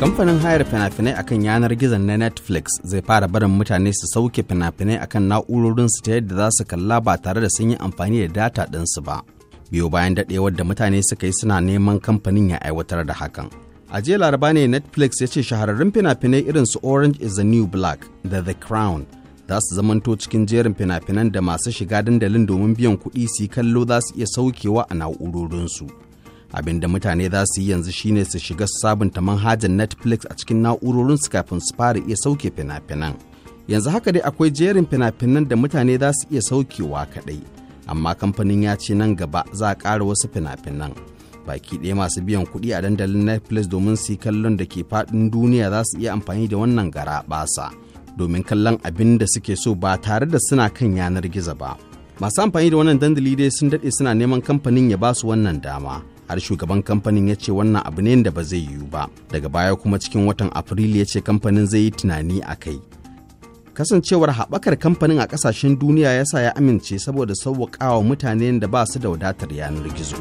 kamfanin hayar fina-finai akan yanar gizon na netflix zai fara barin mutane su sauke fina-finai akan na'urorinsu ta yadda za su kalla ba tare da sun yi amfani da data ɗinsu ba biyo bayan daɗewar da mutane suka yi suna neman kamfanin ya aiwatar da hakan a jiya laraba ne netflix ya ce shahararrun fina-finai irin su orange is the new black da the crown za su zamanto cikin jerin fina-finan da masu shiga dandalin domin biyan kuɗi su kallo za su iya saukewa a na'urorinsu abin da mutane za su yi yanzu shine su shiga sabunta manhajar netflix a cikin na'urorin su kafin su fara iya sauke fina-finan yanzu haka dai akwai jerin fina-finan da mutane za su iya saukewa kaɗai amma kamfanin ya ce nan gaba za a ƙara wasu fina-finan baki ɗaya masu biyan kuɗi a dandalin netflix domin su yi kallon da ke faɗin duniya za su iya amfani da wannan gara basa domin kallon abin da suke so ba tare da suna kan yanar gizo ba masu amfani da wannan dandali dai sun daɗe suna neman kamfanin ya ba su wannan dama har shugaban kamfanin ya ce wannan abu ne da ba zai yiwu ba daga baya kuma cikin watan afrilu ya ce kamfanin zai yi tunani a kai kasancewar haɓakar kamfanin a ƙasashen duniya ya sa ya amince saboda sauwaƙawa mutanen da ba su da wadatar yanar gizo.